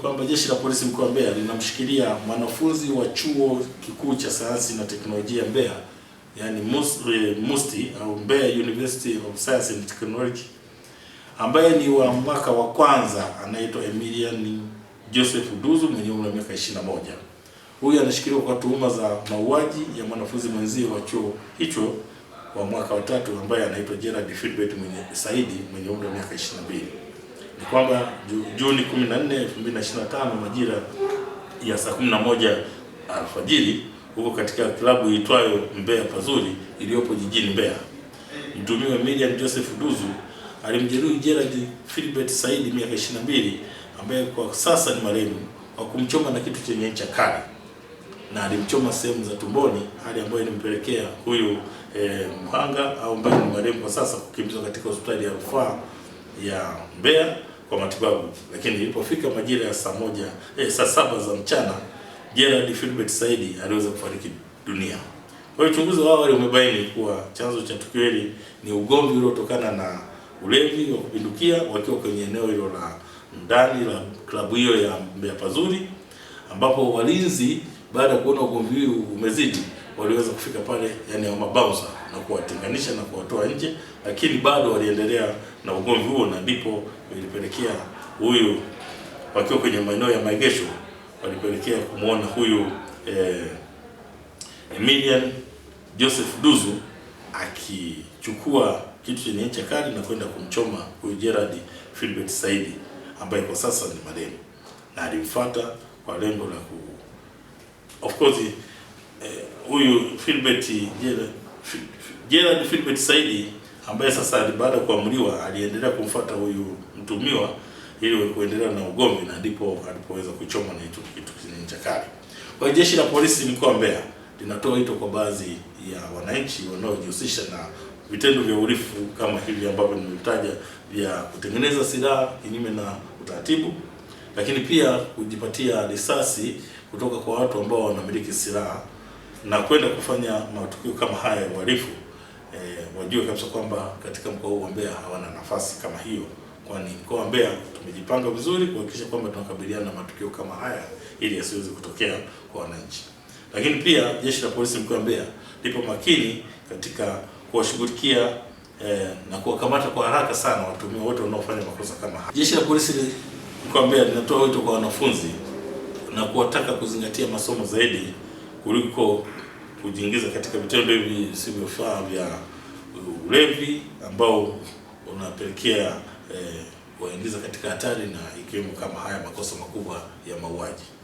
Kwamba jeshi la polisi mkoa wa Mbeya linamshikilia mwanafunzi wa chuo kikuu cha sayansi na teknolojia Mbeya, yani eh, MUSTI au Mbeya University of Science and Technology, ambaye ni wa mwaka wa kwanza, anaitwa Emilian Joseph Duzu mwenye umri wa miaka 21. Huyu anashikiliwa kwa tuhuma za mauaji ya mwanafunzi mwenzio wa chuo hicho wa mwaka wa tatu ambaye anaitwa Gerald Philbert mwenye Saidi mwenye umri wa miaka 22 ni kwamba Juni 14, 2025 majira ya saa 11 alfajiri huko katika klabu iitwayo Mbeya Pazuri iliyopo jijini Mbeya, mtumiwa Emilian Joseph Duzu alimjeruhi Gerald Philbert Saidi miaka 22, ambaye kwa sasa ni marehemu, kwa kumchoma na kitu chenye ncha kali na alimchoma sehemu za tumboni, hali ambayo ilimpelekea huyu eh, mhanga au ambaye ni marehemu kwa sasa kukimbizwa katika hospitali ya rufaa ya Mbeya kwa matibabu, lakini ilipofika majira ya saa moja eh, saa saba za mchana Gerald Philbert Saidi aliweza kufariki dunia. Kwa hiyo uchunguzi wa awali umebaini kuwa chanzo cha tukio hili ni ugomvi uliotokana na ulevi wa kupindukia wakiwa kwenye eneo hilo la ndani la klabu hiyo ya Mbeya Pazuri, ambapo walinzi baada ya kuona ugomvi huu umezidi waliweza kufika pale, yani wa mabauza na kuwatenganisha na kuwatoa nje, lakini bado waliendelea na ugomvi huo, na ndipo ilipelekea huyu, wakiwa kwenye maeneo ya maegesho, walipelekea kumwona huyu eh, Emilian Joseph Duzu akichukua kitu chenye ncha kali na kwenda kumchoma huyu Gerard Philbert Saidi ambaye kwa sasa ni marehemu, na alimfuata kwa lengo la ku of course huyu Philbert Gerald Philbert Saidi ambaye sasa baada ya kuamriwa aliendelea kumfuata huyu mtumiwa ili kuendelea na ugomvi na ndipo alipoweza kuchoma na kitu cha kali. Kwa hiyo jeshi la polisi mkoa Mbeya linatoa wito kwa baadhi ya wananchi wanaojihusisha na vitendo vya uhalifu kama hivi ambavyo nimetaja vya kutengeneza silaha kinyume na utaratibu, lakini pia kujipatia risasi kutoka kwa watu ambao wanamiliki silaha na kwenda kufanya matukio kama haya ya uhalifu eh, wajue kabisa kwamba katika mkoa huu wa Mbeya hawana nafasi kama hiyo, kwani mkoa wa Mbeya tumejipanga vizuri kuhakikisha kwamba tunakabiliana na matukio kama haya ili yasiweze kutokea kwa wananchi. Lakini pia jeshi la polisi mkoa wa Mbeya lipo makini katika kuwashughulikia e, na kuwakamata kwa haraka sana watuhumiwa wote wanaofanya makosa kama haya. Jeshi la polisi mkoa wa Mbeya linatoa wito kwa wanafunzi na kuwataka kuzingatia masomo zaidi kuliko kujiingiza katika vitendo hivi faa vya ulevi ambao unapelekea eh, waingiza katika hatari na ikiwemo kama haya makosa makubwa ya mauaji.